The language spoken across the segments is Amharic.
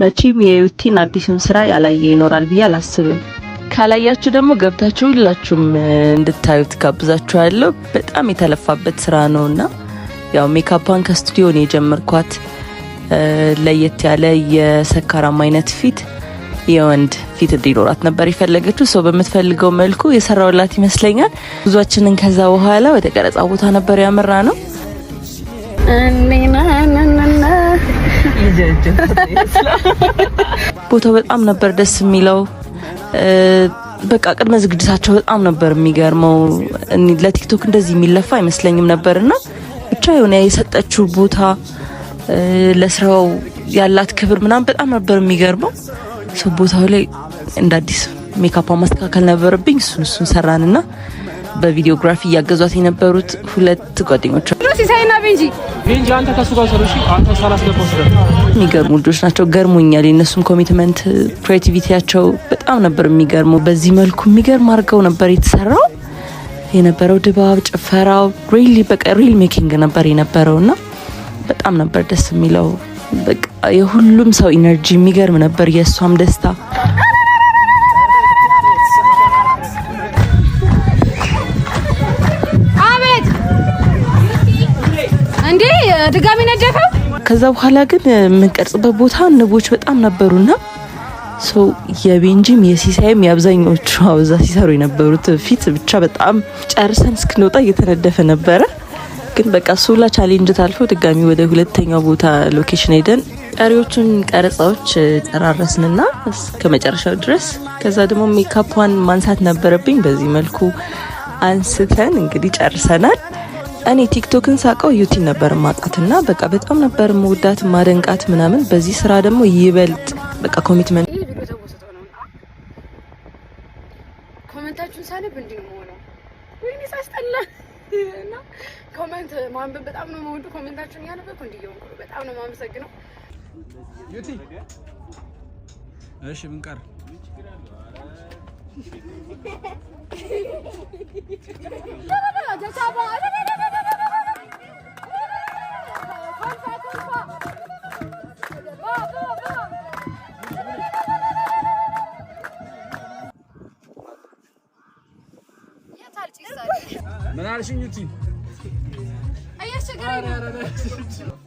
መቼም የዩቲን አዲሱን ስራ ያላየ ይኖራል ብዬ አላስብም። ካላያችሁ ደግሞ ገብታችሁ ሁላችሁም እንድታዩት ጋብዛችኋለሁ። በጣም የተለፋበት ስራ ነው እና ያው ሜካፓን ነው የጀመርኳት ለየት ያለ የሰካራም አይነት ፊት የወንድ ፊት እንዲኖራት ነበር የፈለገችው። ሰው በምትፈልገው መልኩ የሰራውላት ይመስለኛል። ብዙችንን ከዛ በኋላ ወደ ቀረጻ ቦታ ነበር ያመራ ነው። ቦታው በጣም ነበር ደስ የሚለው። በቃ ቅድመ ዝግጅታቸው በጣም ነበር የሚገርመው። ለቲክቶክ እንደዚህ የሚለፋ አይመስለኝም ነበርና ብቻ የሆነ የሰጠችው ቦታ ለስራው ያላት ክብር ምናምን በጣም ነበር የሚገርመው። ሰው ቦታው ላይ እንደ አዲስ ሜካፓ ማስተካከል ነበረብኝ። እሱን እሱን ሰራንና በቪዲዮግራፊ እያገዟት የነበሩት ሁለት ጓደኞች ሲሳይና ቤንጂ የሚገርሙ ልጆች ናቸው። ገርሙኛል። የነሱም ኮሚትመንት ክሬቲቪቲያቸው በጣም ነበር የሚገርመው። በዚህ መልኩ የሚገርም አድርገው ነበር የተሰራው የነበረው ድባብ፣ ጭፈራው ሪሊ በቃ ሪል ሜኪንግ ነበር የነበረው እና በጣም ነበር ደስ የሚለው። በቃ የሁሉም ሰው ኢነርጂ የሚገርም ነበር። የእሷም ደስታ ድጋሚ ነደፈው። ከዛ በኋላ ግን የምንቀርጽበት ቦታ ንቦች በጣም ነበሩና ሰው የቤንጂም የሲሳይም የአብዛኞቹ አበዛ ሲሰሩ የነበሩት ፊት ብቻ በጣም ጨርሰን እስክንወጣ እየተነደፈ ነበረ። ግን በቃ ሱላ ቻሌንጅ ታልፎ ድጋሚ ወደ ሁለተኛው ቦታ ሎኬሽን ሄደን ቀሪዎቹን ቀረጻዎች ጨራረስንና እስከ መጨረሻው ድረስ። ከዛ ደግሞ ሜካፕዋን ማንሳት ነበረብኝ። በዚህ መልኩ አንስተን እንግዲህ ጨርሰናል። እኔ ቲክቶክን ሳቀው ዩቲ ነበር ማጣትና በቃ በጣም ነበር መውዳት ማደንቃት ምናምን። በዚህ ስራ ደግሞ ይበልጥ በቃ ኮሚትመንት ኮመንታችሁን ሳነብ እንዲህ ነው ሆነው ወይኔ ሳስጠላ እና ኮመንት ማንበብ በጣም ነው የምወደው። ኮመንታችሁን ያነበብኩ እንዲህ ነው። በጣም ነው ማመሰግነው። ዩቲ እሺ ብንቀር ካልሽኝ እንጂ እያስቸገረኝ ነው።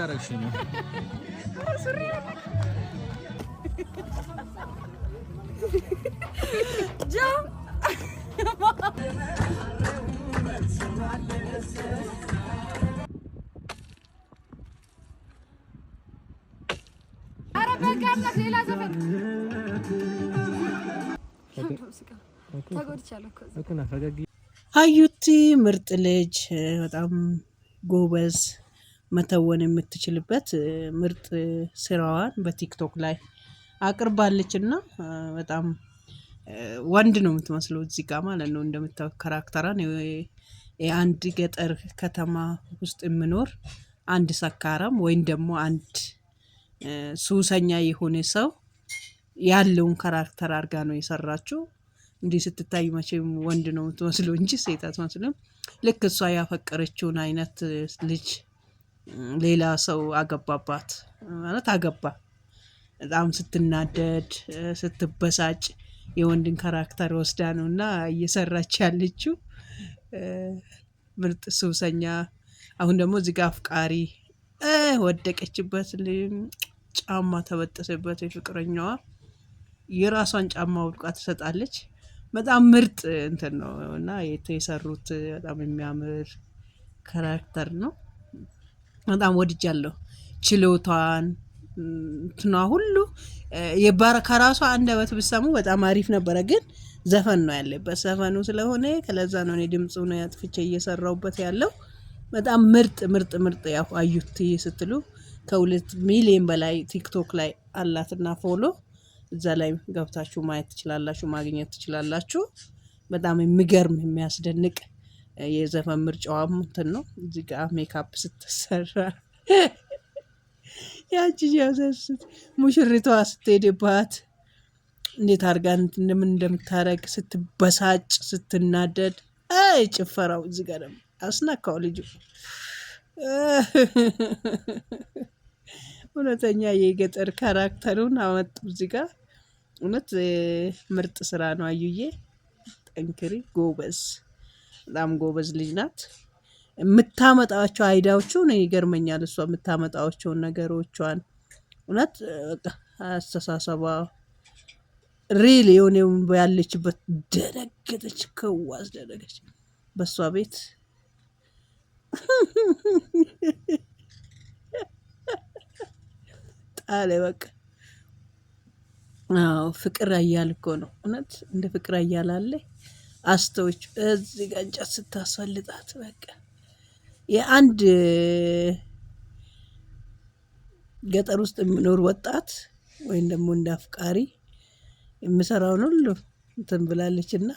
እያደረግሽ ነው? አዩቲ ምርጥ ልጅ፣ በጣም ጎበዝ መተወን የምትችልበት ምርጥ ስራዋን በቲክቶክ ላይ አቅርባለች እና በጣም ወንድ ነው የምትመስለው እዚህ ጋር ማለት ነው። እንደምታዩት ካራክተሯን የአንድ ገጠር ከተማ ውስጥ የምኖር አንድ ሰካራም ወይም ደግሞ አንድ ሱሰኛ የሆነ ሰው ያለውን ካራክተር አድርጋ ነው የሰራችው። እንዲህ ስትታይ መቼም ወንድ ነው የምትመስለው እንጂ ሴት አትመስልም። ልክ እሷ ያፈቀረችውን አይነት ልጅ ሌላ ሰው አገባባት ማለት አገባ። በጣም ስትናደድ ስትበሳጭ የወንድን ካራክተር ወስዳ ነው እና እየሰራች ያለችው ምርጥ ሱሰኛ። አሁን ደግሞ እዚህ አፍቃሪ ወደቀችበት፣ ጫማ ተበጠሰበት የፍቅረኛዋ የራሷን ጫማ ውልቃ ትሰጣለች። በጣም ምርጥ እንትን ነው እና የሰሩት በጣም የሚያምር ካራክተር ነው። በጣም ወድጃለሁ። ችሎቷን እንትና ሁሉ ከራሷ አንደበት ብሰሙ በጣም አሪፍ ነበረ። ግን ዘፈን ነው ያለበት ዘፈኑ ስለሆነ ከለዛ ነው እኔ ድምፁ ነው ያጥፍቼ እየሰራውበት ያለው በጣም ምርጥ ምርጥ ምርጥ ያው አዩት ስትሉ ከሁለት ሚሊዮን በላይ ቲክቶክ ላይ አላትና ፎሎ እዛ ላይ ገብታችሁ ማየት ትችላላችሁ፣ ማግኘት ትችላላችሁ። በጣም የሚገርም የሚያስደንቅ የዘፈን ምርጫዋ እንትን ነው። እዚህ ጋ ሜካፕ ስትሰራ ያቺ ያዘስት ሙሽሪቷ ስትሄድባት እንዴት አድርጋ ምን እንደምታረግ ስትበሳጭ ስትናደድ፣ አይ ጭፈራው እዚህ ጋ ደግሞ አስናካው ልጁ እውነተኛ የገጠር ካራክተሩን አመጡ እዚህ ጋ። እውነት ምርጥ ስራ ነው። አዩዬ ጠንክሪ፣ ጎበዝ በጣም ጎበዝ ልጅ ናት። የምታመጣቸው አይዳዎቹ ነው ይገርመኛል። እሷ የምታመጣቸውን ነገሮቿን እውነት አስተሳሰቧ ሪል የሆነ ያለችበት ደነገጠች፣ ከዋዝ ደነገች። በእሷ ቤት ጣለ በቃ። ፍቅር አያል እኮ ነው እውነት እንደ ፍቅር አያል አለ። አስተዎች እዚህ ጋ እንጨት ስታስፈልጣት በቃ የአንድ ገጠር ውስጥ የምኖር ወጣት ወይም ደግሞ እንደ አፍቃሪ የምሰራውን ሁሉ እንትን ብላለች እና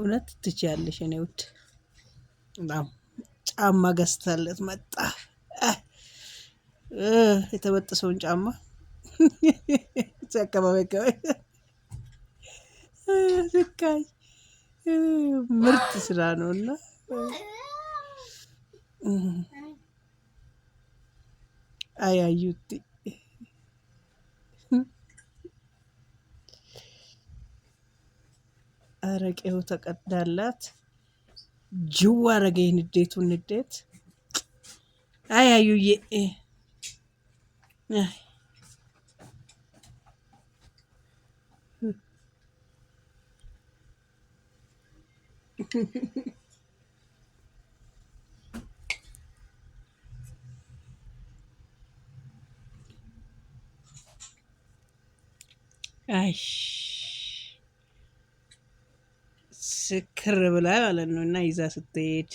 እውነት ትችያለሽ። እኔ ውድ በጣም ጫማ ገዝታለት መጣ። የተበጠሰውን ጫማ አካባቢ አካባቢ ስካይ ምርጥ ስራ ነው እና አያዩት አረቄው ተቀዳላት። ጅዋ አረገኝ ንዴቱ ንዴት አያዩዬ አይ አይ ስክር ብላ ማለት ነው። እና ይዛ ስትሄድ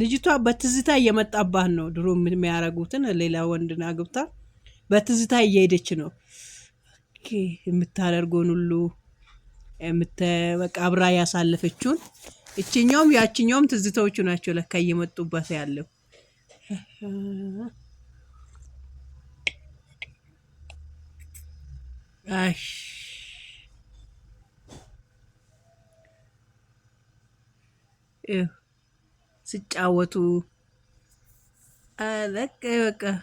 ልጅቷ በትዝታ እየመጣባት ነው። ድሮ የሚያረጉትን ሌላ ወንድን ግብታ በትዝታ እየሄደች ነው። ልክ የምታደርገውን ሁሉ በቃ አብራ ያሳለፈችውን እችኛውም ያችኛውም ትዝታዎቹ ናቸው ለካ እየመጡበት ያለው ስጫወቱ ሲጫወቱ በቃ